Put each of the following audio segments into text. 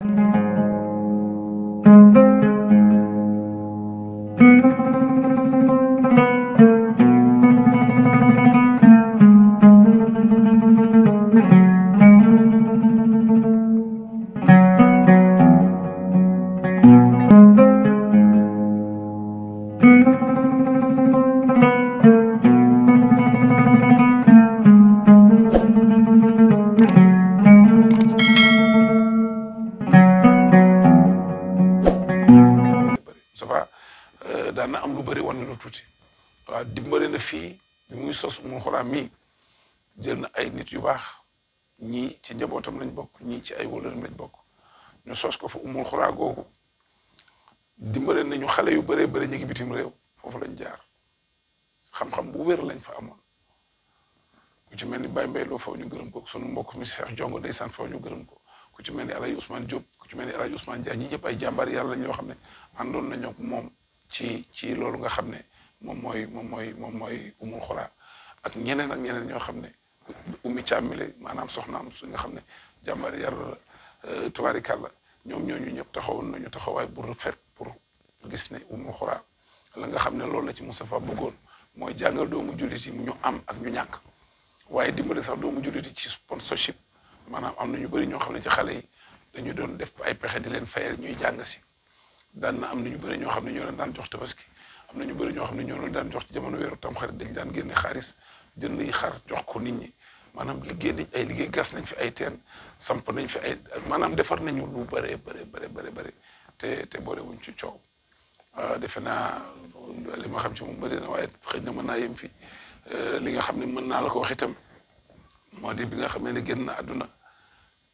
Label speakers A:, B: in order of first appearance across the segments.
A: Thank you. ci Cheikh Jongo ndeysaan foofu ñu gërëm ko ku ci mel ni El Hadj Ousmane ku ci mel ni El Hadj Ousmane Dia ñi ñëpp ay jàmbaar yàlla lañ xam ne àndoon nañoo ak moom ci ci loolu nga xam ne moom mooy moom mooy moom mooy umul xolaa ak ñeneen ak ñeneen ñoo xam ne ummi càmmile maanaam soxnaam su nga xam ne jàmbaar yàlla la euh, tubaarikàlla ñoom ñooñu ñëpp taxawoon nañu taxawaay bu rafet pour gis ne umul xolaa la nga xam ne loolu la ci Moustapha bëggoon mooy jàngal doomu jullit yi mu ñu am ak ñu ñàkk waaye dimbali sax doomu julliti ci sponsorship maanaam am na ñu bëri ñoo xam ne ci xale yi dañu doon def ay pexe di leen fayal ñuy jàng si daan na am na ñu bëri ñoo xam ne ñoo leen daan jox tabaski am na ñu bëri ñoo xam ne ñoo leen daan jox ci jamono weeru tam xarit dañ daan génne xaalis jënd yi xar jox ko nit ñi maanaam liggéey nañ ay liggéey gas nañ fi ay teen samp nañ fi ay maanaam defar nañu lu bëree bëri bëri bëri te te boole ci coow ah, defe naa li ma xam ci moom bëri na waaye xëy na mën naa yem fii Euh, li nga xam ne mën naa la ko wax itam moo di bi nga xam ne génn na àdduna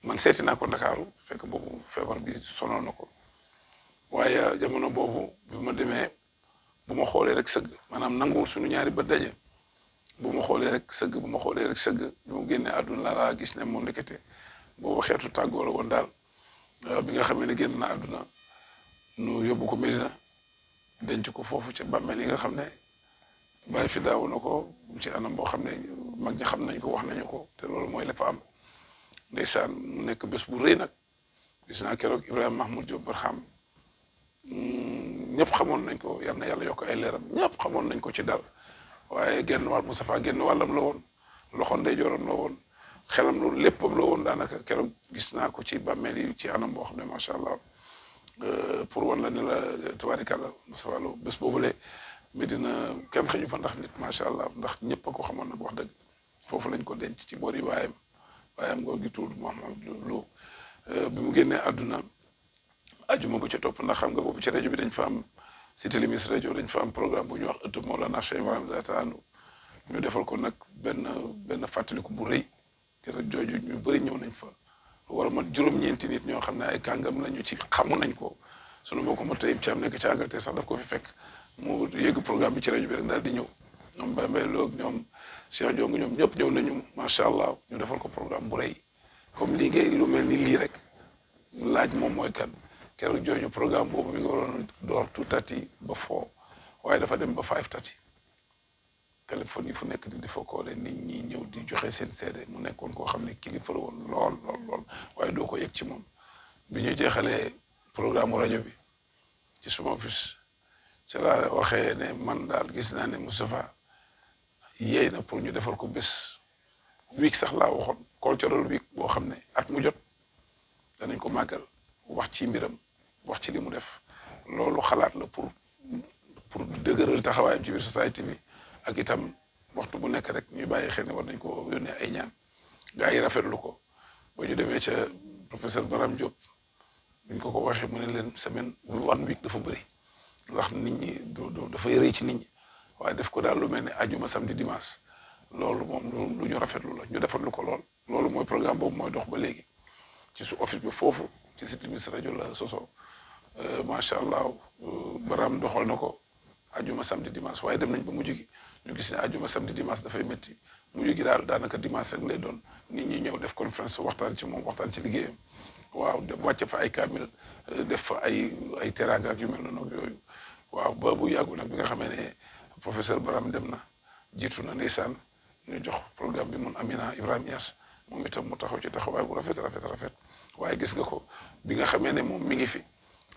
A: man seeti naa ko ndakaaru fekk boobu feebar bi sonal na ko waaye jamono boobu bi ma demee bu ma xoolee rek sëgg maanaam nanguwul suñu ñaari ba daje bu ma xoolee rek sëgg bu ma xoolee rek sëgg bi mu génnee àdduna la gis ne moom ndekete boobu xeetu tàggoo la woon daal euh, bi nga xam ne génn na àdduna nu yóbbu ko Medina denc ko foofu ca bàmmeel yi nga xam ne bay fi daawu nako ci anam bo xamne mag ñi xamnañ ko wax nañu ko te lolu moy la fa am ndeysaan mu nekk bés bu reey nak gis na keroog ibrahim Mahmoud jo Barham ñëpp xamoon nañ ko yalla yàlla yok ay leeram ñëpp xamoon nañ ko ci dal waye genn wal mustafa genn walam la woon loxo joron la woon xelam lu léppam la woon danaka keroog gis na ko ci bammel yi ci anam bo xamne ma sha allah euh pour wan la ne la tubaarikàlla mustafa Lo bés bobule Medina kenn xëju fa ndax nit macha allah ndax ñëpp a ko xamoon nag wax dëgg foofu lañ ko denc ci boori waayam waayam ngoo gi tuur Mouhamed Lo euh, bi mu génnee àdduna ajuma bu ca topp ndax xam nga boobu ci rajo bi dañ fa am si télémis rajo dañ fa am programme bu ñu wax ëttu Mawlana Cheikh Ibrahim Zaataanu ñu defal ko nag benn benn fàttaliku bu rëy te rajo jooju ñu bëri ñëw nañ fa lu war a mat juróom-ñeenti nit ñoo xam ne ay kàngam lañu ci xamu nañ ko sunu mbokku ma tayib ci am nekk ci Angleterre sax daf ko fi fekk mu yëg programme bi ci rajo bi rek daal di ñëw ñoom Baye Mbaye Lo ak ñoom Cheikh Diong ñoom ñëpp ñëw nañu macha allah ñu defal ko programme bu rëy comme lii ngay lu mel ni lii rek laaj moom mooy kan keroog jooju programme boobu mi ngi waroon door two thirty ba four waaye dafa dem ba five thirty téléphone yi fu nekk di dafa koole nit ñi ñëw di joxe seen seede mu nekkoon koo xam ne kilifa la woon lool lool waaye doo ko yëg ci moom bi ñu jeexale programme rajo bi ci ci laa waxee ne man daal gis naa ne Moustapha yey na pour ñu defal ko bés week sax laa waxoon cultural week boo xam ne at mu jot danañ ko màggal wax ci mbiram wax ci li mu def loolu xalaat la pour pour dëgëral taxawaayam ci biir société bi ak itam waxtu bu nekk rek ñuy bàyyi xel ne war nañ ko yónnee ay ñaan gaa yi rafetlu ko ba ñu demee ca professeur Baram Diop buñ ko ko waxee mu ne leen semaine one week dafa bari wax nit ñi du du dafay rëy ci nit ñi waaye def ko daal lu mel ne ajuma samedi dimanche loolu moom lu ñu rafetlu la ñu defatlu ko lool loolu mooy programme boobu mooy dox ba léegi ci su office bi foofu ci site bi rajo la soso euh, macha allah euh, baram doxal na ko ajuma samedi dimanche waaye dem nañ ba mujj gi ñu gis ne ajuma samedi dimanche dafay métti mujj gi daal daanaka dimanche rek lay doon nit ñi ñëw def conférence waxtaan ci moom waxtaan ci liggéeyam waaw wàcce fa ay kamil euh, def fa ay ay teranga ak yu mel noonu ak yooyu waaw ba bu yàggu nag bi nga xamee ne professeur Baram dem na jiitu na ndeysaan nu jox programme bi mun Amina Ibrahima Niass moom itam mu taxaw ci taxawaay bu rafet rafet rafet waaye gis nga ko bi nga xamee ne moom mi ngi fi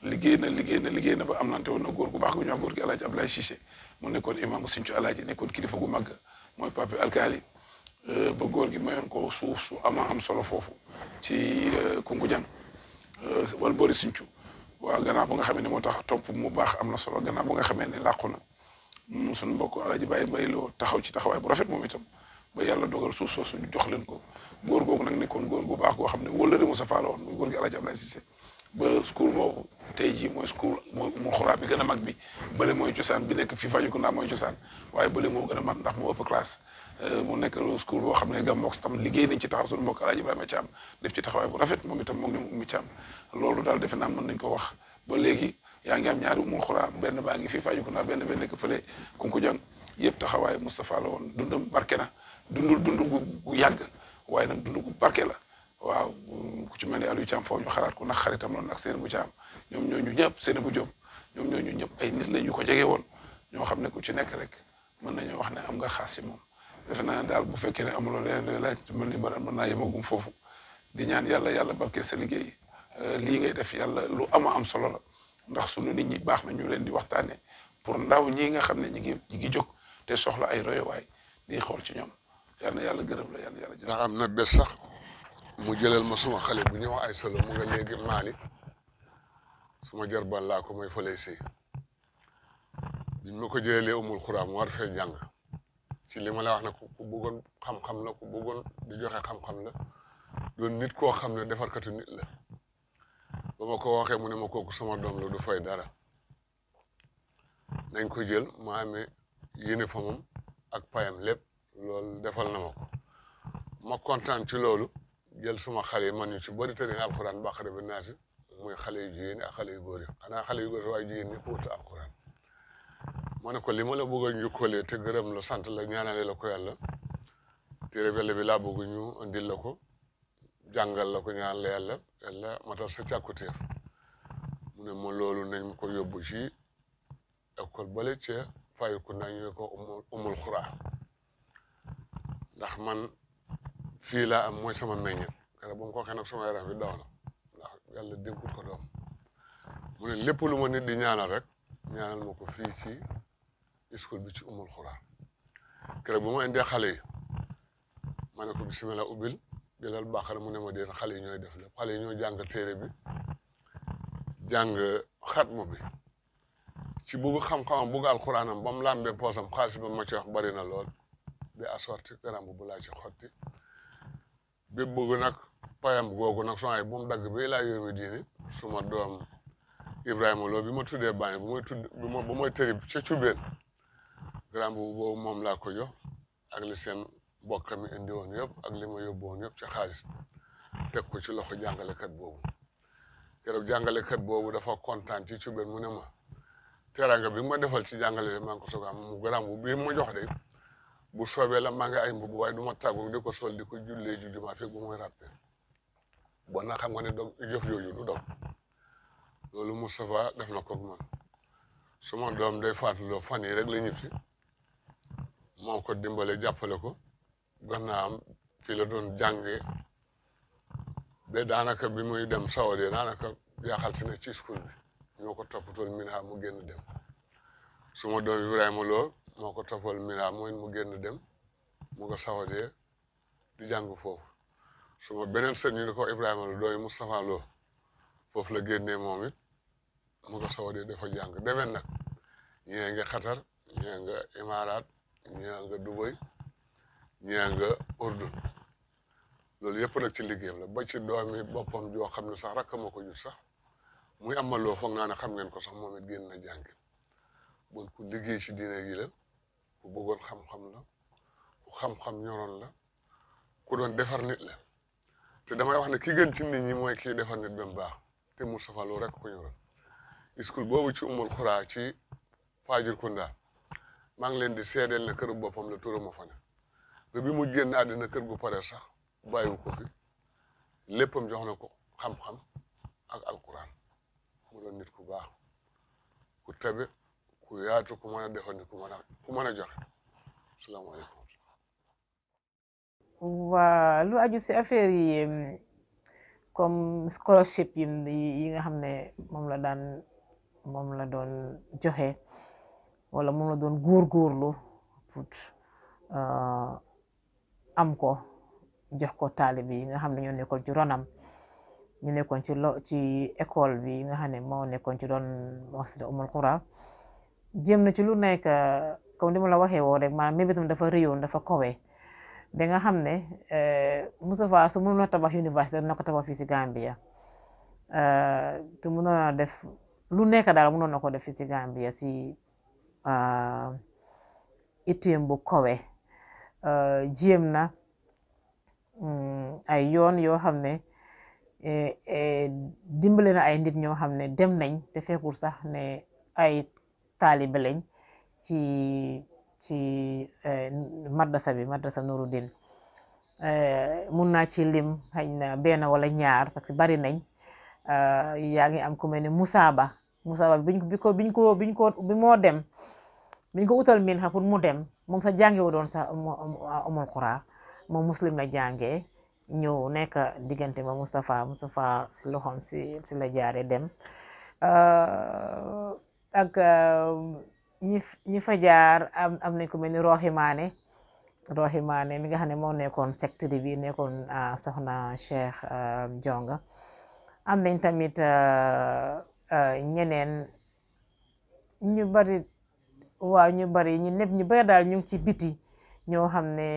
A: liggéey na liggée na liggéey na ba am nante woon na góor gu baax gu ñu wax góor gi El Hadj Abdoulaye Cissé mu nekkoon imaamu Sinthiou El Hadj nekkoon kilifa gu màgg mooy pape alkaali euh, ba góor gi mayoon ko suuf su ama am solo foofu ci euh, Koungheul euh, wala boori Sinthiou. waaw gannaaw ba nga xamee ne moo tax topp mu baax am na solo gannaaw ba nga xamee ne làqu na mm, suñu mbokk Alaaji Baye Mbaye Lo taxaw ci taxawaay bu rafet moom itam ba yàlla dogal suuf soosu ñu jox leen ko góor googu nag ne nekkoon góor gu baax goo xam ne wóllëre Moussa Fall woon muy góor gi Alaaji Abdoulaye Cissé ba school boobu tey jii mooy school moo mu xuraa bi gën a mag bi bële mooy cosaan bi nekk fii Fajokounda mooy cosaan waaye bële moo gën a man ndax moo ëpp classe Euh, mu nekk school boo xam ne Gambox tam liggéey nañ ci taxaw suñu mbokk Alaaji Ibrahima Thiam def ci taxawaay bu rafet moom itam moom ñoom Oumy Thiam loolu daal defe naa mën nañ ko wax ba léegi yaa ngi am ñaari mu xura benn baa ngi fii Fajukunda benn benn nekk fële Kunku Jang yëpp taxawaay Moustapha la woon dundam barke na dundul dund gu yàgg waaye nag dund gu barke la waaw ku ci mel ne Aliou Thiam ñu xalaat ko ndax xaritam loon ak Seynabou Thiam ñoom ñooñu ñëpp Seynabou Diop ñoom ñooñu ñëpp ay nit la ñu ko jege woon ñoo xam ne ku ci nekk rek mën nañu wax ne am nga xaas si moom defe naa daal bu fekkee ne amuloo leneen looy laaj mën li baral mën naa foofu di ñaan yàlla yàlla barkeel sa liggéey euh, lii ngay def yàlla lu ama am solo la ndax sunu nit ñi baax na ñu leen di waxtaanee pour ndaw ñi nga xam ne ñi ngi ñi ngi jóg te soxla ay royowaay di xool ci ñoom yal na yàlla gërëm la yal
B: na yàlla. ndax am na bés sax mu jëlal ma suma xale bu ñuy wax ay solo mu nga léegi maali suma jarbal laa ko may fële si biñ ma ko jëlee umul xuraam war fee jàng. ci li ma la wax ne ku bëggoon xam-xam la ku bëggoon di joxe xam-xam la doon nit koo xam ne defarkatu nit la ba ma ko waxee mu ne ma kooku sama doom la du fay dara nañ ko jël ma amee uniforme am ak payam lépp loolu defal na ma ko ma kontaan ci loolu jël suma xale yi man ñu ci bëri te ne ba baqara bi naasi muy xale yu jigéen ak xale yu góor yi xanaa xale yu góor yi waaye jigéen ñi ko wut alxuraan ma ne ko li ma la bëgg a njukkoolee te gërëm la sant la ñaanale la ko yàlla téere belle bi laa bëgg ñu indil la ko jàngal la ko ñaan la yàlla yàlla matal sa càkkutéef mu ne ma loolu nañ ma ko yóbbu ci école bale ca Fayekounda ñu ne ko umul umm, xuraa ndax man fii laa am mooy sama meññet kare ba mu ko waxee nag sama yaram bi daw na ndax yàlla dénkut ko doom mu ne lépp lu ma nit di ñaanal rek ñaanal ma ko fii ci يسكن بيتي أم الخرى كرب ما عندي خالي ما نقول بسم الله أبل جل البخار من ما دير خالي نيو يدفل خالي نيو جانغ تيربي جانغ خات مبي تبغى خم خم بغى القرآن بام لام بحوزم خاص بام تشوف بارين الله بأسوات كرام ببلاش خاطي ببغناك بايم بغناك سواي بام دعك بيلا يوم يديني سما دوم إبراهيم الله بيمو تود بيم بيمو تود بيمو بيمو تيرب تشوبين garaam bu boobu moom laa ko jox ak li seen bokkam mi indi yëpp ak li ma yóbbu woon yëpp ca xaalis teg ko ci loxo jàngalekat boobu keroog jàngalekat boobu dafa kontaan ci ci benn mu ne ma teranga bi ma defal ci jàngale le ngi ko soog am mu garaam bu bi mu jox de bu soobee la maa ngi ay mbubb waay du ma tàggu di ko sol di ko jullee ju jumaa fekk bu muy ràppee bon na xam nga ne doog jëf yooyu du doog loolu Moustapha def na ko man suma doom day fàttaloo fan yi rek la moo ko dimbale jàppale ko gannaawam fii la doon jànge ba daanaka bi muy dem Saudi daanaka yaaxal si ne ci school bi ñoo ko toppatool Minha mu génn dem suma doom Ibrahima Lo moo ko toppal Minha mu génn dem mu ko Saudi di jàng foofu suma beneen sët ñu ne ko Ibrahima Lo doomi Moustapha Lo foofu la génnee moom it mu ko Saudi dafa jàng demeen nag ñee nga Qatar ñee nga Imaaraat ñaa nga Dubai ñaa nga loolu yëpp nag ci liggéeyam la ba ci doomi boppam joo xam ne sax rakk ma ko jur sax muy amaloo foog naa ne xam ngeen ko sax moom it génn na jàngi bon ku liggéey ci diine gi la ku bëggoon xam-xam la ku xam-xam ñoroon la ku doon defar nit la te damay wax ne ki gën ci nit ñi mooy kii defar nit ba baax te Moustapha Lo rek ko ñoroon iskul boobu ci umul xuraa ci Fajir Kunda maa ngi leen di seedeel na kër boppam la turam a fa ne bi mu génn àddina kër gu paree sax bàyyiwu ko fi léppam jox na ko xam-xam ak alquran mu doon nit ku baax ku tabe ku yaatu ku mën a defandi ku mën a ku mën
C: waa lu aju si affaire yi comme scholarship yi yi nga xam ne moom la daan moom la doon joxe. wala moom na doon góorgóorlu pour euh, am ko jox ko taalibe yi nga xam ne ñoo nekkoon ci ronam ñu nekkoon ci lo ci école bi nga xam ne moo nekkoon ci doon masjid Umul Qura na ci lu nekk comme ni ma la waxee woo rek maanaam mébétam dafa réyoon dafa kowe da nga xam ne euh, Moustapha su mënoon a tabax université na ko tabax fii si Gambia euh, te mënoon a def lu nekk daal mënoon na ko def fii si Gambia si itteem uh, bu kowe jéem uh, na mm, ay yoon yoo xam ne e, e, dimbale na ay nit ñoo xam ne dem nañ te fekkul sax ne ay taalibe lañ ci ci e, madrasa bi madrasa Nuruddin mun naa ci lim xëy na benn wala ñaar parce que bari nañ uh, yaa ngi am ku mel ne Musaaba Musaaba biñ ko biñ ko biñ ko bi moo dem mi ngi ko utal min mu dem moom sa jàngewu doon sa umul qura moom muslim la jànge ñëw nekk diggante ba Moustapha Moustapha si loxoom si si la jaare dem äh, ak äh, ñi ñi jaar am am nañ ko mel ni Roxi Maane Roxi Maane mi nga xam ne moo nekkoon secteur bi nekkoon ah, soxna Cheikh ah, Jonga am nañ tamit äh, ñeneen ñu bari waaw ñu bari ñu ñëpp ñi bari daal ñu ngi ci biti ñoo xam ne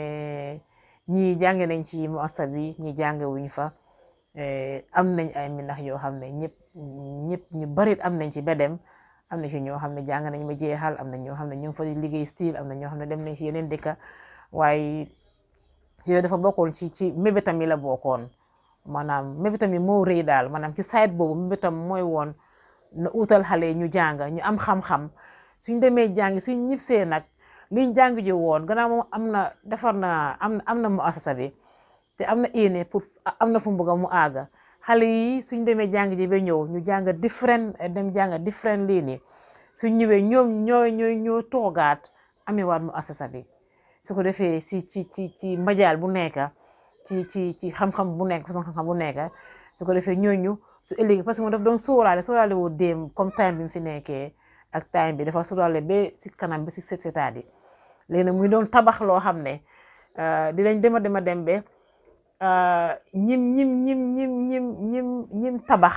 C: ñii jànge nañ ci muassa bi ñi jàng wuñ fa eh, am nañ ay minax yoo xam ne ñëpp ñu bari am nañ ci bedem am na ci ñoo xam ne jàng nañ ma jeexal am na ñoo xam ne ñu fa liggéey style am na ñoo xam ne dem nañ ci yeneen dëkka waaye yooyu dafa bokkoon ci ci mébétam yi la bokkoon manaam mébétam yi moo rëy daal maanaam ci site boobu mébétam mooy woon na utal xale ñu jàng ñu am xam-xam suñ demee jàngi suñ ñibsee nag liñ jàngi ji woon gannaaw moom am na defar na am am na mu am na yéene am na fu mu mu aaga xale yi suñ demee jàng ji ba ñëw ñu jàng different dem jàng different lii nii suñ ñëwee ñoom ñoo ñoo ñoo toogaat amewaat mu asasa bi su ko defee si ci ci ci majaal bu nekk ci ci ci xam-xam bu nekk façon xam-xam bu nekk su ko defee ñooñu su ëllëgee parce que moom daf doon sóoraale sóoraale woo déem comme time bi fi nekkee ak time bi dafa sudale ba si kanam bi si sët sëtaat léegi nag muy doon tabax loo xam ne euh, dinañ dema dema dem ba euh, ñim ñim ñim ñim ñim ñim ñim tabax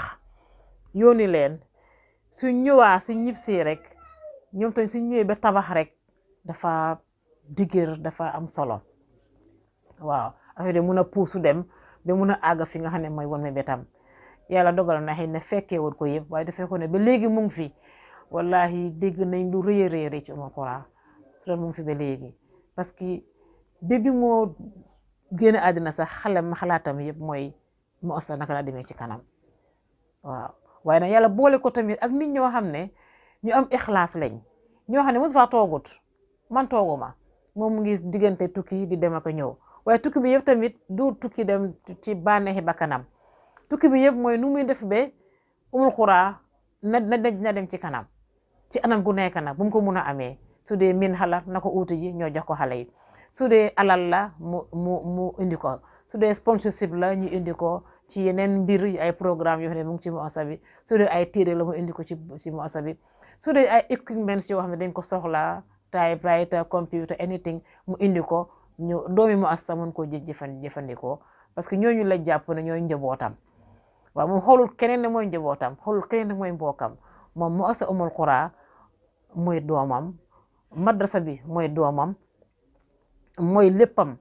C: yooni leen suñ ñëwaa suñ ñib si rek ñoom tamit suñ ñëwee ba tabax rek dafa digër dafa am solo waaw affaire de mun a puusu dem ba mun a àgg fi nga xam ne mooy wan me betam yàlla dogal na xëy ne fekkee woon ko yëpp waaye dafa ko ne ba léegi mu ngi fi wallahi dégg nañ lu rëy a rëy ci Oumar Kora su mu fi ba léegi parce que bébi moo génn àddina sax xale ma xalaatam yëpp mooy mu osa naka laa demee ci kanam waaw waaye na yàlla boole ko tamit ak nit ñoo xam ne ñu am ixlaas lañ ñoo xam ne mosu faa toogut man tooguma moom mu ngi diggante tukki di dem ak ñëw waaye tukki bi yëpp tamit du tukki dem ci bànneexi ba kanam tukki bi yëpp mooy nu muy def ba umul xuraa na na dem ci kanam ci anam gu nekk nag bu mu ko mun a amee su dee min xalaat na ko uuti ji ñoo jox ko xale yi su dee alal la mu mu mu indi ko su dee sponsorship la ñu indi ko ci yeneen mbir ay programme yoo xam ne mu ngi ci muasa bi su dee ay téere la mu indi ko ci ci muasa bi su dee ay équipements yoo xam ne dañ ko soxla typewriter computer anything mu indi ko ñu doomi muasa mun koo jëfandikoo parce que ñooñu la jàpp na ñooy njabootam waaw moom xoolul keneen ne mooy njabootam xoolul keneen ne mooy mbokkam moom muasa umul xuraa mooy doomam madrasa bi mooy doomam mooy léppam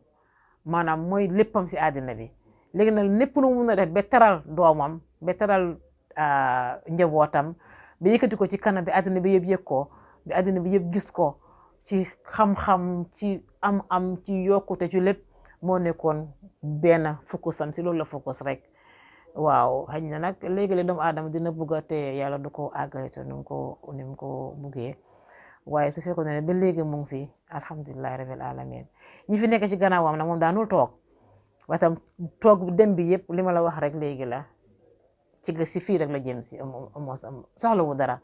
C: maanaam mooy léppam si àddina bi léegi nag lépp lu mun a def teral doomam ba teral ah, njabootam ba yëkkati ko ci kanam bi àddina bi yëpp yëg ko bi àddina bi yëpp gis ko ci xam-xam ci am-am ci yokkute ci lépp moo nekkoon benn focus am si loolu la focus rek waaw xëy na nag léegi-léeg doomu aadama dina bëgg te téye du ko àggale te ni mu ko ni mu ko buggee waaye su fekkoon ne ba léegi mu ngi fi alhamdulilah rabil alamin ñi fi nekk ci gannaawam nag moom daanul toog waaye toog dem bi yëpp li ma la wax rek léegi la ci si fii rek la jëm si mos am soxlawu dara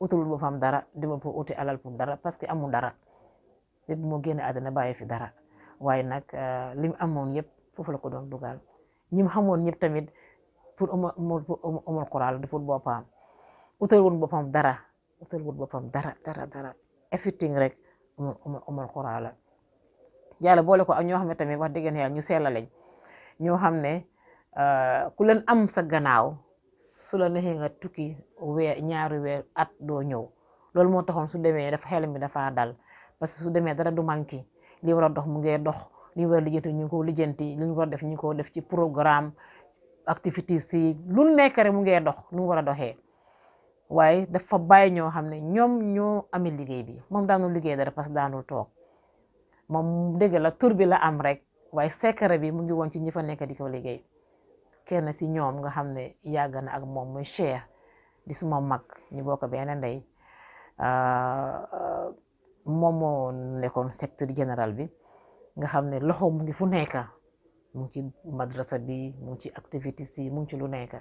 C: utul boppam dara dima pour uti alal pour dara parce que amul dara lépp moo génn àddina bàyyi fi dara waaye nag euh, li mu amoon yëpp foofu la ko doon dugal ñi mu xamoon ñëpp tamit. pour umar umar Kora deful boppam utal woon boppam dara utal woon boppam dara dara dara effecting rek umar umar umar Kora la yàlla boole ko ak ñoo xam ne tamit wax dëgg yàlla ñu seela lañ ñoo xam ne euh, ku leen am sa gannaaw su la neexee nga tukki weer ñaari weer at doo ñëw loolu moo taxoon su demee dafa xelam bi dafa dal parce que su demee dara du manqué li war a dox mu ngi dox li war a lijjanti ñu ngi ko lijjanti li ñu war a def ñu ko def ci programme activités yi lu nekk rek mu ngee dox nu mu war a doxee waaye dafa bàyyi ñoo xam ne ñoom ñoo ami liggéey bi moom daanul liggéey dara parce que daanul toog moom dégg la tur bi la am rek waaye secret bi mu ngi woon ci ñi fa nekk di ko liggéey kenn si ñoom nga xam ne yàgg na ak moom muy Cheikh di suma mag ñu bokk benn ndey ah, ah, moom moo nekkoon secteur général bi nga xam ne loxo mu ngi fu nekka mu ngi ci madrasa bi mu ci activités yi mu ngi ci lu nekk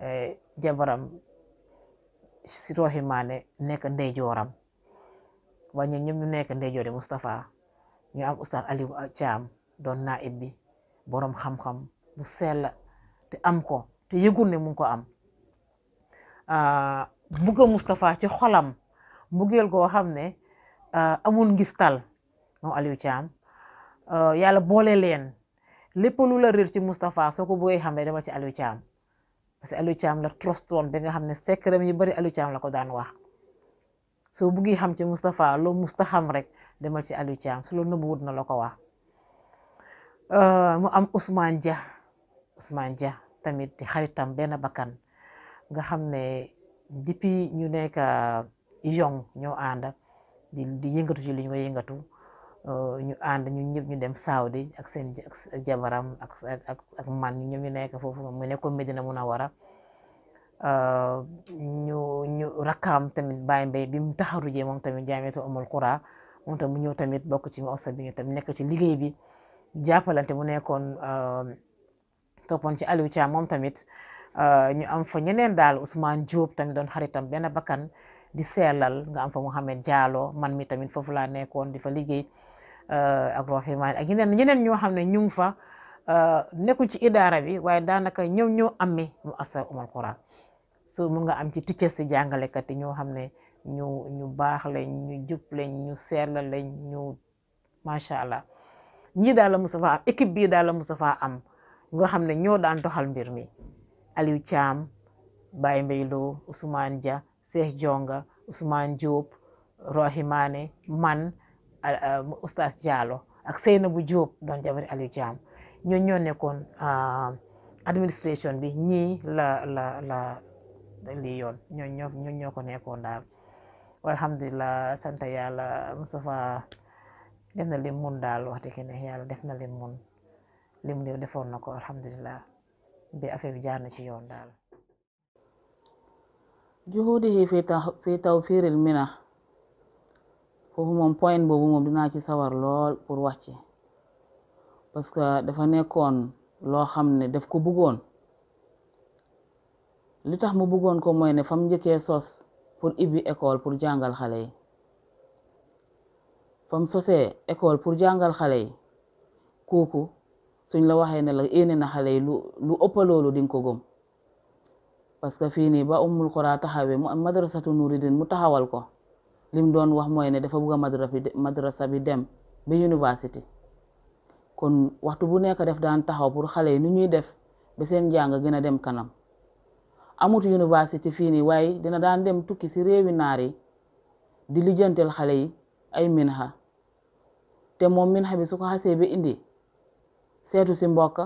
C: eh, jabaram si tooxi maane nekk ndeyjooram waaye ñoom ñoom ñu nekk ndeyjoori Moustapha ñu am oustaz Aliou Thiam doon naib bi borom xam-xam bu sell te am ko te yëgul ne mu ngi ko am ah, bugga Moustapha ci xolam mbugeel koo xam ne ah, amul ngistal moom Aliou Thiam ah, yàlla boole leen. lépp lu la réer ci Moustapha soo ko xam xamee dama ci Aliou Thiam parce que Aliou Thiam la trostoon bi nga xam ne secret yu bari Aliou Thiam la ko daan wax soo buggee xam ci Moustapha loo musta xam rek demal ci Aliou Thiam su na bu wut na la ko wax euh, mu am Ousmane Dia usmaan Dia tamit di xaritam benn bakkan nga xam ne depuis ñu nekk euh, yong ñoo ànd di yëngatu ci li ñu koy yëngatu Euh, ñu ànd ñu ñëpp ñu dem Saudi ak seen jabaram ak ak ak man ñu ñu nekk foofu mu nekkoon Medina a euh, ñu ñu rakkaam tamit Baye Mbaye bi mu taxarujee moom tamit jaamiyatu Umul Qura moom tamit mu ñëw tamit bokk ci ma bi ñu nekk ci liggéey bi jàppalante mu nekkoon euh, toppoon ci Aliou moom tamit ñu am fa ñeneen daal Ousmane Diop tamit doon xaritam benn bakkan di seelal nga am fa Mouhamed jaaloo man mi tamit foofu laa nekkoon di fa liggéey Euh, ak Rohey Mane ak ñeneen ñoo xam ne ñu ngi fa euh, nekkuñ ci idaara bi waaye daanaka ñëw ñëw amee mu asa umal quran so mun nga am ci teachers si jàngalekat yi ñoo xam ne ñu ñu baax lañ ñu jub lañ ñu sell lañ ñu macha allah ñii daal la Moustapha am équipe bii daal la Moustapha am nga xam ne ñoo daan doxal mbir mi Aliou Thiam Baye Mbayloo Ousmane Dia Cheikh Jonga Ousmane Diop Rohey Mane man Euh, oustaz Diallo ak Seynabou Diop doon jabari Aliou Thiam ñooñu ñoo nekkoon euh, administration bi ñii la la la lii yoon ñooñ ñoo ñooñ ñoo ko nekkoon daal alhamdulilah sant yàlla Moustapha def na lim mun daal wax dëgg ne yàlla def na lim mun lim defoon na ko alhamdulilah bi affaire bi jaar na ci yoon daal
D: juhudihi fi tawfiiril mina foofu moom point boobu moom dinaa ci sawar lool pour wax ci parce que dafa nekkoon loo xam ne daf ko bëggoon li tax mu bëggoon ko moy ne fam njëkkee sos pour ibbi école pour jàngal xale yi fam sosee école pour jàngal xale yi kooku suñ la waxee ne la yéene na xale yi lu lu ëpp loolu di ko gom parce que fii nii ba Ummul Qura taxawee mu madrasatu Nuuridin mu taxawal ko lim doon wax mooy ne dafa bëgg a madrasa bi dem ba université kon waxtu bu nekk def daan taxaw pour xale yi nu ñuy def ba seen njàng gën a dem kanam amut université fii nii waaye dina daan dem tukki si réewi naar yi di lijjantel xale yi ay minxa te moom minxa bi su xasee ba indi seetu si mbokk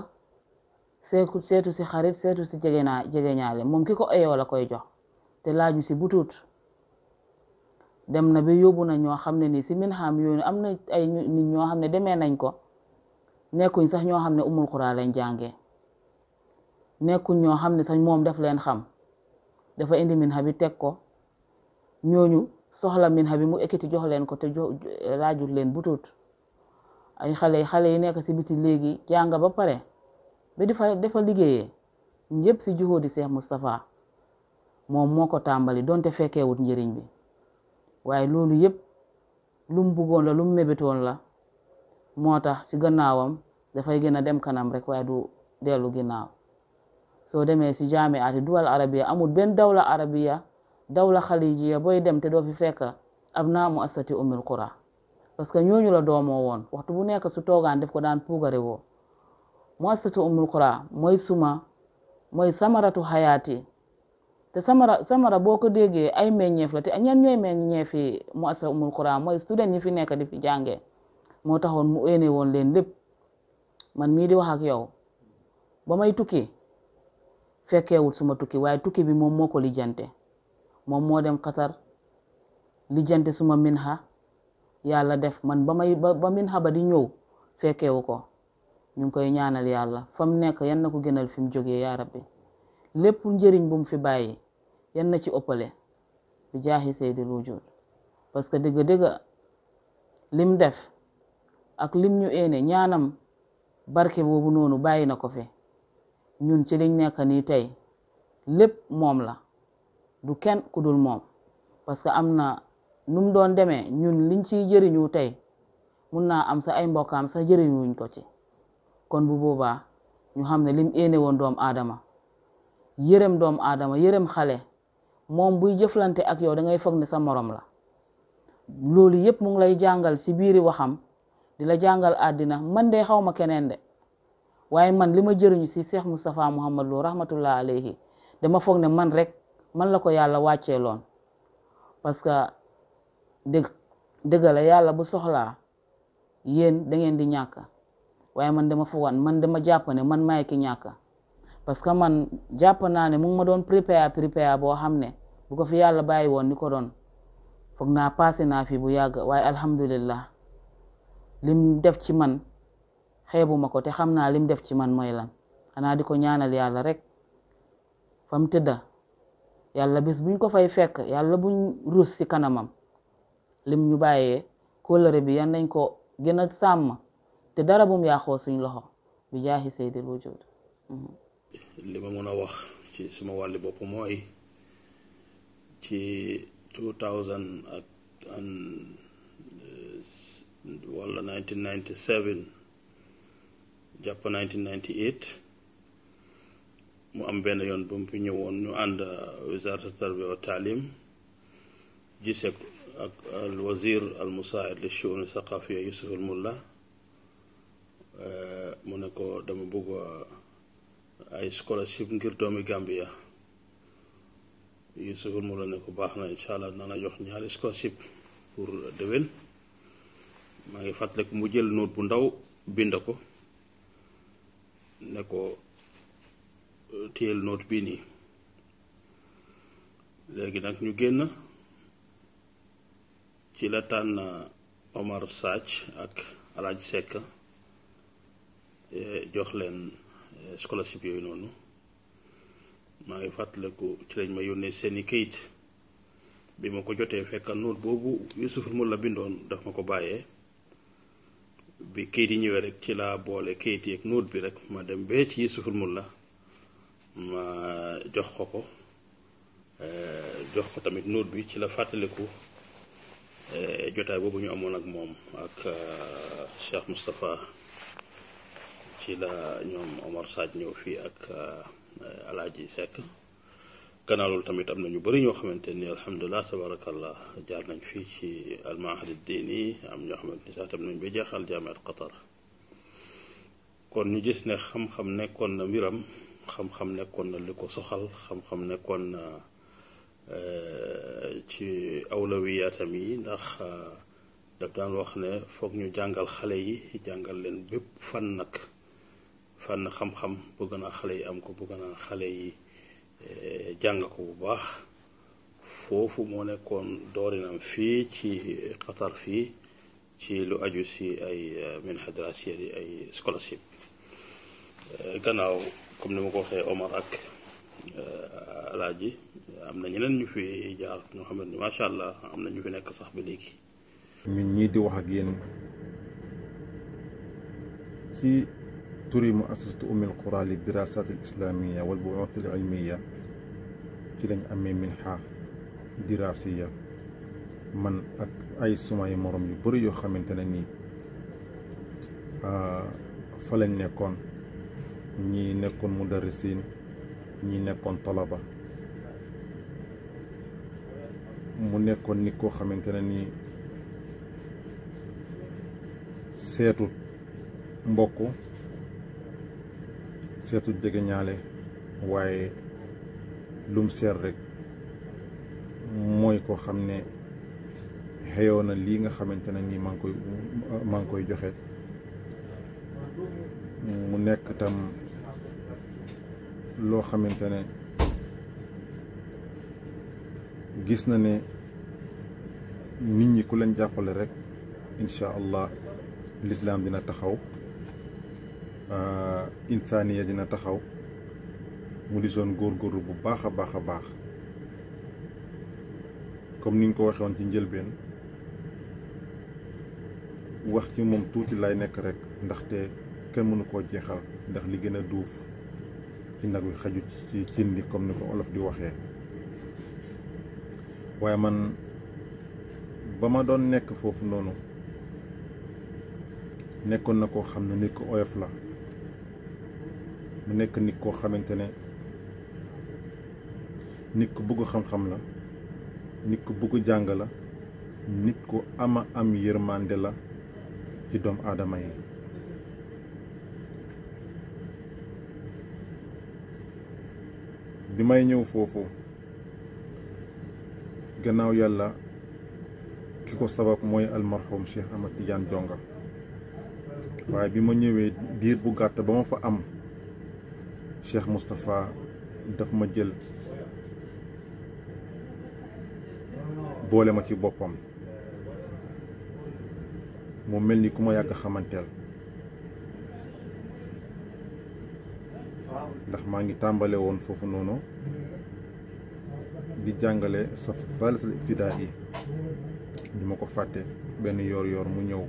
D: seetu seetu si xarit seetu si jegeñaa jegeñaale moom ki ko ayoo la koy jox te laaju si butuut dem na ba yóbbu na ñoo xam ne nii si min xam yooyu am na ay nit ñoo xam ne demee nañ ko nekkuñ sax ñoo xam ne umul xuraa lañ jàngee nekkuñ ñoo xam ne sax moom daf leen xam dafa indi min xam bi teg ko ñooñu soxla min xam bi mu ekkiti jox leen ko te jox laajut leen butut ay xale xale yi nekk si biti léegi jàng ba pare ba defa dafa liggéeyee ñëpp si juhóodi Seex Mustapha moom moo ko tàmbali donte fekkeewut njëriñ bi waaye loolu yëpp lu mu la lu mu la moo tax si gannaawam dafay gën a dem kanam rek waaye du dellu ginnaaw soo demee si jaami ati duwal arabiya amul benn dawla arabiya dawla xalijiya booy dem te doo fi fekk ab naamu asati umil qura parce que ñooñu la doomoo woon waxtu bu nekk su toogaan def ko daan puugare woo mu asati umil qura mooy suma mooy samaratu xayaati te samara samara boo ko déggee ay meññeef la te ñan ñooy meññeef yi mu asa umul qouran mooy student yi fi nekk di fi jàngee moo taxoon mu éene woon leen lépp man mii di wax ak yow ba may tukki fekkeewul suma tukki waaye tukki bi moom moo ko lijjante moom moo dem xatar lijjante suma minha yàlla def man ba may ba minha ba di ñëw fekkeewu ko ñu ngi koy ñaanal yàlla fa mu nekk yan na ko gënal fi mu jógee yaa rabbi lépp njëriñ bu mu fi bàyyi yan na ci ëppale bi jaaxi sayyidul wujud parce que dëgg-dëgg lim def ak lim ñu éene ñaanam barke boobu noonu bàyyi na ko fi ñun ci liñ nekk nii tey lépp moom la du kenn ku dul moom parce que am na nu mu doon demee ñun liñ ciy jëriñu tey mun naa am sa ay mbokkaam sax jëriñuwuñ ko ci kon bu boobaa ñu xam ne lim éene woon doom aadama yërëm doom aadama yërëm xale moom buy jëflante ak yow da ngay foog ne sa morom la loolu yëpp mu ngi lay jàngal si biiri waxam di la jàngal àddina man de xaw ma keneen de waaye man li ma jëriñu si Cheikh Moustapha Mouhamad Lo rahmatullah alayhi dama foog ne man rek man la ko yàlla wàccee loon parce que dëgg dëgg la yàlla bu soxlaa yéen dangeen di ñàkk waaye man dama fa man dama jàpp ne man maay ki ñàkk parce que man jàpp naa ne mu ma doon prépare prépare boo xam ne bu ko fi yàlla bàyyi woon ni ko doon foog naa passé naa fi bu yàgg waaye alhamdulillah lim def ci man xeebu ma ko te xam naa lim def ci man mooy lan xanaa di ko ñaanal yàlla rek fam tëdda yàlla bis buñ ko fay fekk yàlla buñ rus ci kanamam lim ñu bàyyee kóllëre bi yan nañ ko gën a sàmm te dara bum yàqoo suñ loxo bi jaahi sayyidil wujud
E: li ma mën a wax ci suma wàlli bopp mooy ci two thousand ak an uh, wala nineteen ninety seven jàpp nineteen ninety eight mu am benn yoon ba mu fi ñëwoon ñu ànd wisarat tarbiya wa taalim gisee ak al wazir li shuuni saqafiya Yusuf al uh, mu ne ko dama bëgg ay scholarship ngir doomi Gambia Youssouf mu la ne ko baax na incha allah dana jox ñaari scholarship pour déwén maa ngi fàttaliku mu jël note bu ndaw bind ko ne ko euh, téyel note bii nii léegi nag ñu génn ci la tànn Omar Saaj ak Alaaji Sekk eh, jox leen Eh, scholarship yoy noonu maa ngi fàttle ko ci lañ ma yónnee seeni kayit bi ma ko jotee fekka nuut boobu yusuf mul la bindoon daf ma ko bàyyee bi kayit yi ñëwee rek ci laa boole kayit yeeg nuut bi rek ma dem bee ci yusuf mul la ma jox ko ko eh, jox ko tamit nuut bi ci la fàttaliku eh, jotaay boobu ñu amoon ak moom ak cheikh moustapha ci la ñoom Omar Sadj ñëw fii ak Alaaji Seck gannaaw loolu tamit am na ñu bëri ñoo xamante ni alhamdulilah tabarakallah jaar nañ fii ci almahad diini am ñoo xamante ni sax tam nañ ba jeexal jaamiat qatar kon ñu gis ne xam-xam nekkoon na mbiram xam-xam nekkoon na li ko soxal xam-xam nekkoon na ci awlawiyaatam yi ndax daf daan wax ne foog ñu jàngal xale yi jàngal leen bépp fan nag fànn xam-xam bëgg naa xale yi am ko bëgg naa xale yi jàng ko bu baax foofu moo nekkoon doorinam fii ci Qatar fii ci lu aju si ay minhaj diraasiya yi ay scholarship gannaaw comme ni ma ko waxee Omar ak Alaaji am na ñeneen ñu fi jaar ñoo xam ne macha allah am na ñu fi nekk sax ba léegi. ñun ñii
F: di wax ak yéen ci. تري مؤسسة أم القرى للدراسات الإسلامية والبعوث العلمية كلن أمي منحة دراسية من أي سما يمر يبري يخمن تنني آه، فلن نكون ني نكون مدرسين ني نكون طلبة mu nekkoon ni koo xamante ne nii seetu jege ñaale waaye lum seet rek mooy koo xam ne xëyoo na lii nga xamante ne nii maa ngi koy maa ngi koy joxe mu nekk tam loo xamante ne gis na ne nit ñi ku leen jàppale rek incha allah lislaam dina taxaw Euh, insaaniya dina taxaw mu di soon góor góor bu baax a baax a baax comme ni ñu ko waxewoon ci njëlbeen wax ci moom tuuti lay nekk rek ndaxte kenn mënu koo jeexal ndax li gën a duuf ci nag wi xaju ci cin li comme ni ko olof di waxee waaye man ba ma doon nekk foofu noonu nekkoon na koo xam ne nit ko oyof la mu nekk nit koo xamante ne nit ku bëgg xam-xam la nit ku bëgg jàng la nit ku ama am yërmande la ci doom aadama yi bi may ñëw foofu gannaaw yàlla ki ko sabab mooy almarhum Cheikh Ahmad Tidiane Dionga waaye bi ma ñëwee diir bu gàtt ba ma fa am Cheikh Moustapha daf ma jël boole ma ci boppam mu mel ni ku ma yàgg xamanteel ndax maa ngi tàmbale woon foofu noonu di jàngale sa valsal ibtidaa yi du ma ko fàtte benn yoor yoor mu ñëw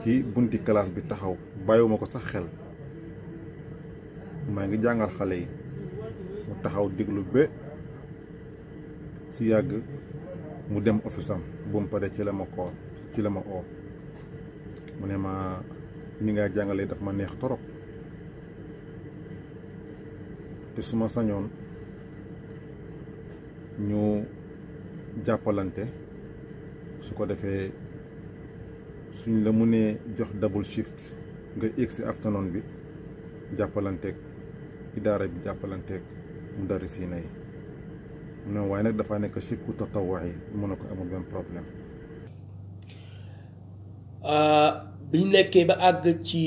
F: ci bunti classe bi taxaw ma ko sax xel mangi jangal xalé yi mu taxaw diglu be si yag mu dem office am bu mu ci la ma koo ci la ma oo mu ne ma ni nga jàngalee daf ma neex torop te suma ma ñu jàppalante su ko defee suñ la mënee jox double shift nga x afternoon bi ak idaara bi jàppalanteeg mudarrisiina yi mu ne waaye nag dafa nekk shibhu tatawwu mën mu ne ko amul benn
G: problème. Ah, bi ñu nekkee ba àgg ci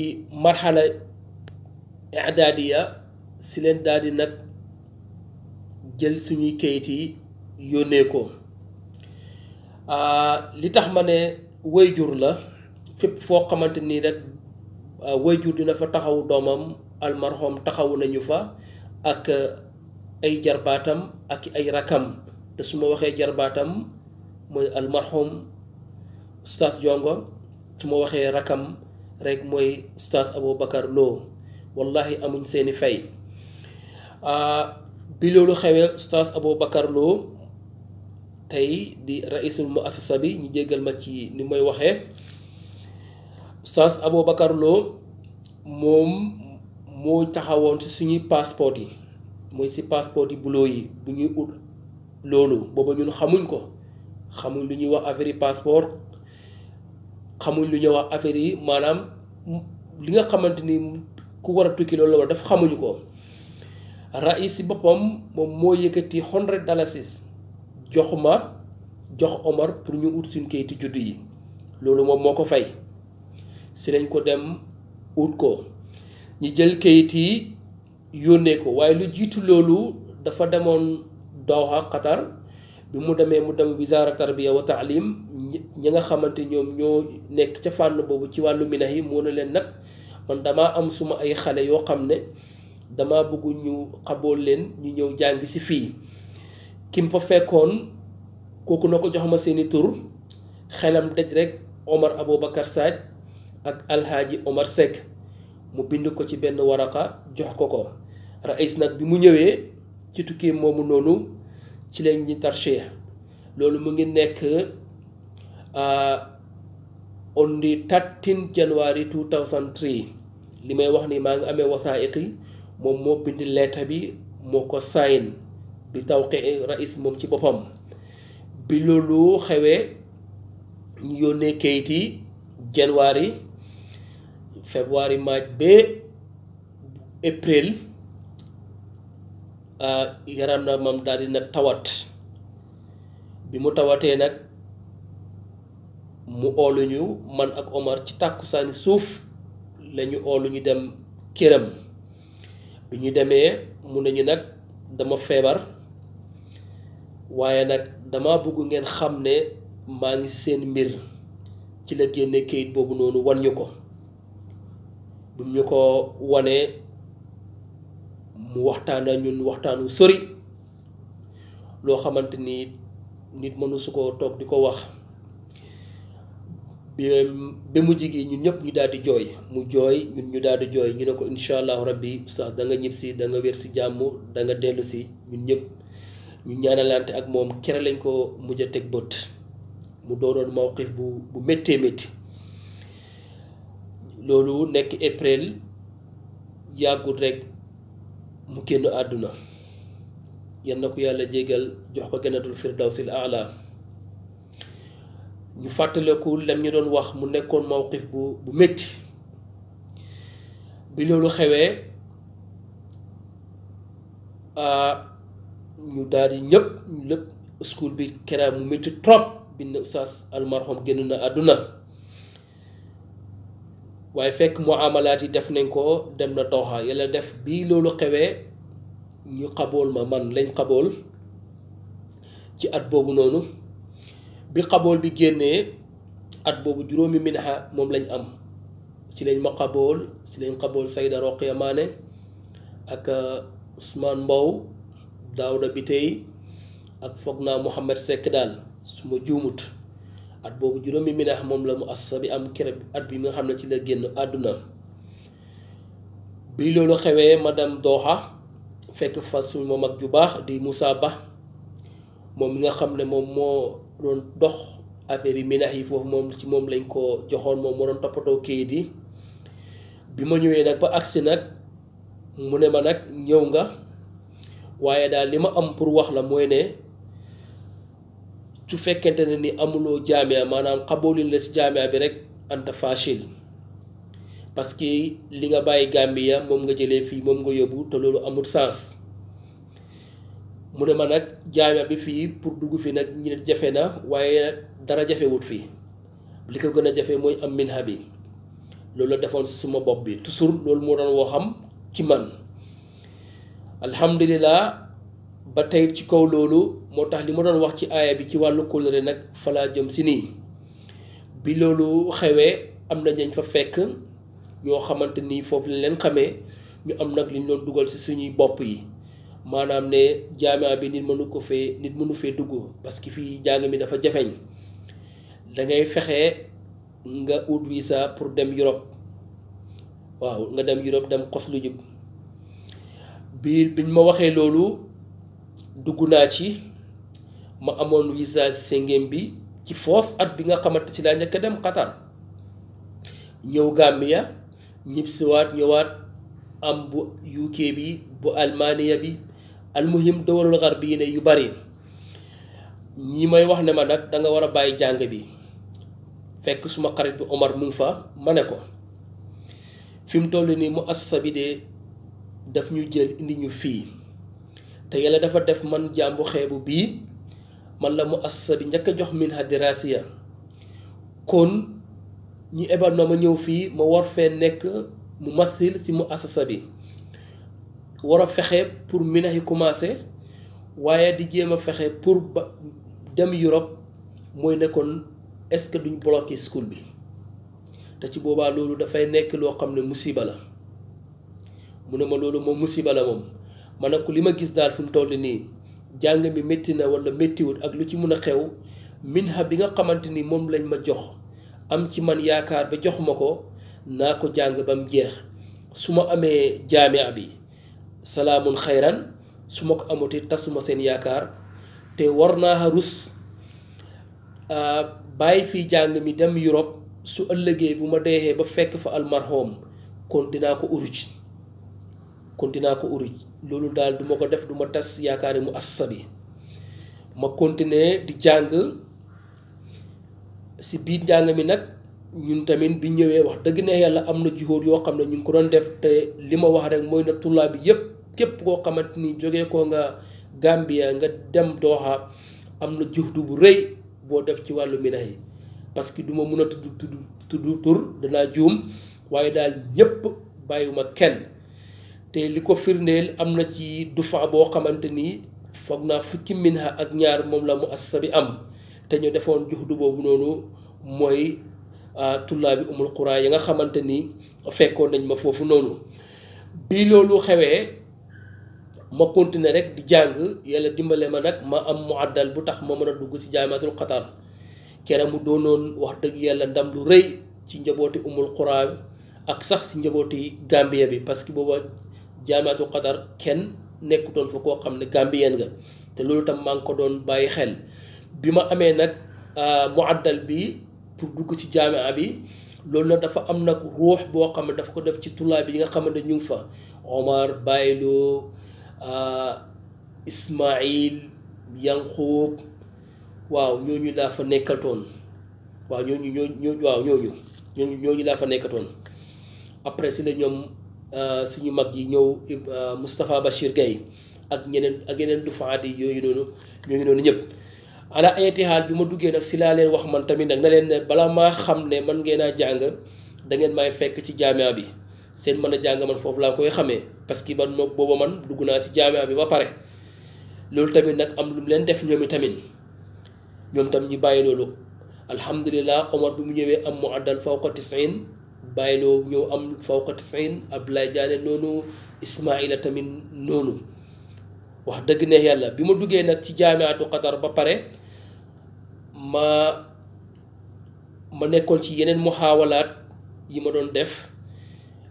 G: marxala idaadiya si leen daal di nag jël suñuy kayit yi yónnee ko ah, li tax ma ne jur la fépp foo xamante nii rek ah, wayjur dina fa taxawu doomam almarhum taxawu nañu fa ak uh, ay jarbaatam ak ay rakam te su ma waxee jarbaatam mooy almarhum ustaas jongo su ma waxee rakam rek mooy ustaas Aboubacar Lo wallahi amuñ seeni fay uh, bi loolu xewee ustaas Aboubacar Lo tey di raisul muassasa bi ñu jéggal ma ci ni mooy waxee ustaas Aboubacar Lo moom moo taxawoon ci suñuy passeport yi mooy si passeport yi buloo yi bu ñuy ut loolu booba ñun xamuñ ko xamuñ lu ñuy wax affaire yi passeport xamuñ lu ñuy wax affaire yi maanaam li nga xamante ni ku war a tukki loolu la war def xamuñu ko rais si boppam moom moo yëkkati hundred dalasis jox ma jox Omar pour ñu ut suñ kayitu juddu yi loolu moom moo ko fay si lañ ko dem ut ko ñi jël kayit yi yónnee ko waaye lu jiitu loolu dafa demoon Doha Qatar bi mu demee mu dem wisaara tarbiya wa taalim ñi nga xamante ñoom ñoo nekk ca fànn boobu ci wàllu minax yi moo ne leen nag man dama am suma ay xale yoo xam ne dama bëgg ñu xabool leen ñu ñëw jàng si fii ki mu fa fekkoon kooku na ko jox ma seeni tur xelam daj rek Omar Aboubacar Sadj ak alxaaji Omar Seck mu bind ko ci benn waraqa jox ko ko raïs nag bi mu ñëwee ci tukki moomu noonu ci lañ ñi tarché loolu mu ngi nekk euh, on the 13 January 2003 li may wax ni maa ngi amee wasaa'iqi moom moo bind leeta bi moo ko sign bi tawqi raïs moom ci boppam bi loolu xewee ñu yónnee kayit yi January february march ba april ah, yaram na mam daal nag tawat bi mu tawatee nag mu ooluñu man ak Omar ci tàkkusaani suuf lañu ooluñu dem këram bi ñu demee mu nañu nag dama feebar waaye nag dama bëgg ngeen xam ne maa ngi seen mbir ci la génne kayit boobu noonu wan ñu ko bu ñu ko wanee mu waxtaan ak ñun waxtaanu sori loo xamante ni nit mënu su ko toog di ko wax ba mu jigi ñun ñëpp ñu daal di jooy mu jooy ñun ñu daal di jooy ñu ne ko incha allahu rabbi sax da nga si da nga wér si jàmm danga dellu si ñun ñëpp ñu ñaanalante ak moom kere lañ ko mujj a teg bët mu doonoon mawqif bu bu mettee métti loolu nekk April yàggul rek mu génn àdduna yan na ko yàlla jégal jox ko jannatul firdawsil aala ñu fàttaleku lam ñu doon wax mu nekkoon mawqif bu bu métti bi loolu xewee ñu daal di ñëpp ñu lépp school bi keraa mu métti trop bi ne oustaz génn na àdduna waaye fekk muamalaat yi def nañ ko dem na tooxa yàlla def bii loolu xewee ñu xabool ma man lañ xabool ci at boobu noonu bi xabool bi génnee at boobu juróomi minha moom lañ am ci lañ ma xabool ci lañ xabool Sayda Roqiya Maane ak uh, Ousmane Mbow bi Biteye ak foog naa Mouhamed Seck daal su ma juumut at boobu juróomi minaax moom la mu assasa bi am kere at bi nga xam ne ci la génn àdduna bi loolu xewee madame Doha fekk fa suñ moom ak ju baax di Moussa Ba moom mi nga xam ne moom moo doon dox affaire yi minaax yi foofu moom ci moom lañ ko joxoon moom moo doon toppatoo kayit yi bi ma ñëwee nag ba agsi nag mu ne ma nag ñëw nga waaye daal li ma am pour wax la mooy ne su fekkente ne ni amuloo jaamia maanaam xaboolin la si jaamia bi rek anta fachil parce que li nga bàyyi Gambia moom nga jëlee fii moom nga yóbbu te loolu amut sens mu ne ma nag jaamia bi fii pour dugg fii nag ñu ne jafe na waaye dara jafewut fii li ko gën a jafe mooy am minha bi loolu la defoon suma bopp bi toujours loolu moo doon woo xam ci man alhamdulilah ba tey ci kaw loolu moo tax li ma doon wax ci aaya bi ci wàllu kóllëre nag falaa jëm si nii bi loolu xewee am na ñañ fa fekk ñoo xamante ni foofu lañ leen xamee ñu am nag liñ doon dugal si suñuy bopp yi maanaam ne jaamaa bi nit mënu ko fee nit mënu fee dugg parce que fii jàng mi dafa jafeñ da ngay fexe nga ut visa pour dem Europe waaw nga dem Europe dem xos lu jub bi biñ ma waxee loolu. duguna ci ma amone visa sengem bi ci force at bi nga xamanteni ci la ñëk dem Qatar ñew Gambia ñib siwaat ñëwaat am bu UK bi bu Almania bi almuhim dawalul xar ne yu bari ñi may wax ne ma nak da nga wara baye jang bi fekk suma xarit bi Omar Mufa fa ko fim tollu ni nii mu assa de daf ñu jël indi ñu fi te yàlla dafa def man jàmbu xeebu bii man la mu assa bi njëkk a jox min ha dirasiya kon ñu ebal na ma ñëw fii ma war fee nekk mu masil si mu assasa bi war a fexe pour minax yi commencé waaye di jéem a fexe pour ba dem Europe mooy nekkoon est-ce que duñ bloqué school bi te ci boobaa loolu dafay nekk loo xam ne musiba la mu ne ma loolu moom musiba la moom ma ne ko li ma gis daal fi mu toll nii jàng mi metti na wala méttiwut ak lu ci mën a xew minha bi nga xamante ni moom lañ ma jox am ci man yaakaar ba jox ma ko naa ko jàng ba mu jeex su ma amee jaamia bi salaamun xayran su ma ko amati tasuma seen yaakaar te war naa rus bàyyi fi jàng mi dem yurop su ëllëgee bu ma dee ba fekk fa almarhum kon dinaa ko uruj kon dinaa ko uruj loolu daal duma ko def du ma tas yaakaari mu assasa bi ma continuer di jàng si biir njàng mi nag ñun tamit bi ñëwee wax dëgg ne yàlla am na jiwóor yoo xam ne ñu ngi ko doon def te li ma wax rek mooy na tullaa bi yëpp képp koo xamante ni jógee ko nga Gambia nga dem Doha am na juhdu bu rëy boo def ci wàllu minax yi parce que du ma mun a tudd tudd tudd tur danaa juum waaye daal ñëpp ma kenn. te li ko firndeel am na ci dufa boo xamante ni foog naa fi kimina ak ñaar moom la mu assasa bi am te ñu defoon juhdu boobu noonu mooy tullaabi umul quran yi nga xamante ni fekkoon nañ ma foofu noonu bi loolu xewee ma continuer rek di jàng yàlla dimbale ma nag ma am mu àddal bu tax ma mën a dugg ci jaamaatul qatar kere mu doonoon wax dëgg yàlla ndam lu rëy ci njabooti umul quran ak sax ci njabooti Gambia bi parce que booba jaamiatu Qatar kenn nekkutoon fa koo xam ne gambien nga te loolu tam maa ngi ko doon bàyyi xel bi ma amee nag ah, muaddal bi pour dugg ci a bi loolu nag dafa am nag ruux boo xam ne dafa ko def ci tullaa bi yi nga xamante ñu ngi fa Omar Bayloo ah, Ismail Yanqub waaw ñooñu laa fa nekkatoon waaw ñooñu ñooñu waaw ñooñu ñooñu laa fa nekkatoon après si la ñoom Euh, suñu mag yi ñëw euh, Moustapha Bachir Gaye ak ñeneen ak yeneen du faat yi yooyu noonu ñooñu noonu ñëpp ala ayatihaal bi ma duggee nag si laa leen wax man tamit nag na leen ne balaa maa xam ne man ngeen a jàng dangeen ngeen may fekk ci jaamia bi seen mën a jàng man foofu laa koy xamee parce que man moom booba man dugg naa si jaamia bi ba pare loolu tamit nag am lu mu leen def ñoom tamit ñoom tam ñu bàyyi loolu alhamdulilah Omar bi mu ñëwee am mu àddal fawqa tisin bàyyiloo ñëw am fawqa tisin Abdoulaye Diané noonu Ismaila tamit noonu wax dëgg neex yàlla bi ma duggee nag ci jaamiatu xatar ba pare ma ma nekkoon ci yeneen muxaawalaat yi ma doon def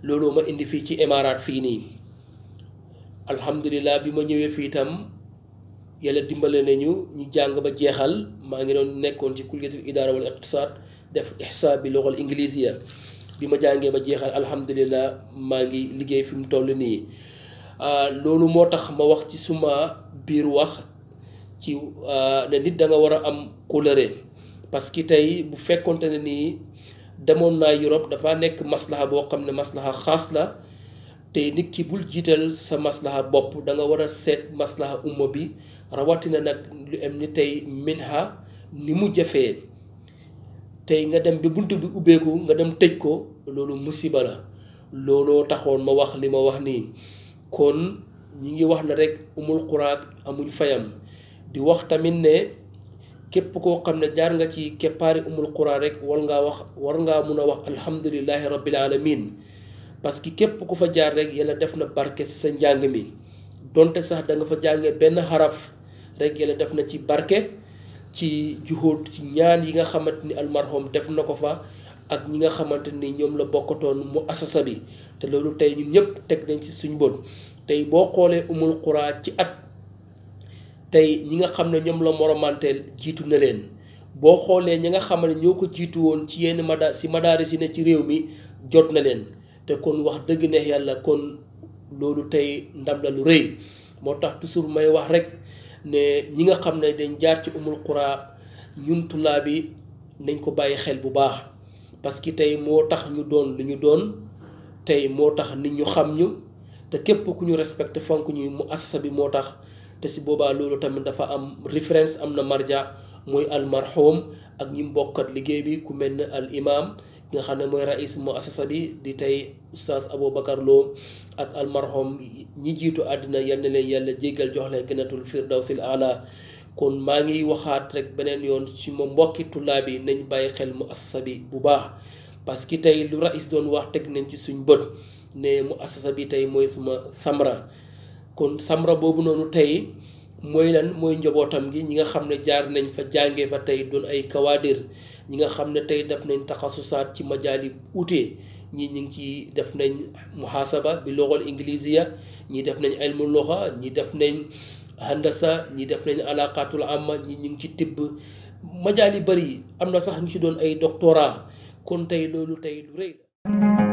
G: loolu ma indi fii ci émaraat fii nii alhamdulilah bi ma ñëwee fii itam yàlla dimbale nañu ñu jàng ba jeexal maa ngi doon nekkoon ci kulliyatul idaara wal iqtisaad def ihsaa bi loxol inglisiya bi ma jàngee ba jeexal alhamdulillah maa ngi liggéey fi mu toll nii ah, loolu moo tax ma wax ci suma biir wax ci ah, ne nit danga war a am colère parce que tey bu fekkonte ne nii demoon naa Europe dafa nekk maslaha boo xam ne maslaha xas la tey nit ki bul jiital sa maslaha bopp danga war a seet maslaha umma bi rawatina nag lu em ni tey minha ni mu jafee. tey nga dem bi buntu bi ubbeeku nga dem tëj ko loolu musiba la looloo taxoon ma wax li ma wax nii kon ñu ngi wax ne rek umul quraak amuñ fayam di wax tamit ne képp koo xam ne jaar nga ci keppaari umul quraan rek war ngaa wax war ngaa mun a wax alhamdulilahi rabil alamin parce que képp ku fa jaar rek yàlla def na barke si sa njàng mi donte sax da nga fa jàngee benn xaraf rek yàlla def na ci barke ci juhóot ci ñaan yi nga xamante ni almarhum def na ko fa ak ñi nga xamante ni ñoom la bokkatoon mu asasa bi te loolu tey ñun ñëpp teg nañ ci suñ bët tey boo xoolee umul xuraa ci at tey ñi nga xam ne ñoom la moromanteel jiitu na leen boo xoolee ñi nga xam ne ñoo ko jiitu woon ci yenn mada si madaaris yi ne ci réew mi jot na leen te kon wax dëgg neex yàlla kon loolu tey ndam la lu rëy moo tax toujours may wax rek ne ñi nga xam ne dañ jaar ci umul qura ñun tullaa bi nañ ko bàyyi xel bu baax parce que tey moo tax ñu doon lu ñu doon tey moo tax nit ñu xam ñu te képp ku ñu respecté fonk ñuy mu asasa bi moo tax te si boobaa loolu tamit dafa am référence am na marja mooy almarhum ak ñu mbokkat liggéey bi ku mel ne al imam ki nga xam ne mooy rais mu asasa bi di tey oustaz Aboubacar loo ak almarhum ñi jiitu àddina yal na leen yàlla jéggal jox leen jannatul firdawsil ala kon maa ngi waxaat rek beneen yoon ci ma mbokki tullaa bi nañ bàyyi xel mu asasa bi bu baax parce que tey lu raïs doon wax teg nañ ci suñ bët ne mu asasa bi tey mooy suma samra kon samra boobu noonu tey mooy lan mooy njabootam gi ñi nga xam ne jaar nañ fa jàngee fa tey doon ay kawaadir ñi nga xam ne tey def nañ taxasusaat ci majaali utee ñii ñu ngi ci def nañ muhaasaba bi loxol ya ñii def nañ ilmu loxo ñii def nañ handasa ñii def nañ alaqatul amma ñii ñu ngi ci tibb majaali bari am na sax ñu ci doon ay doctorat kon tey loolu tey lu rëy la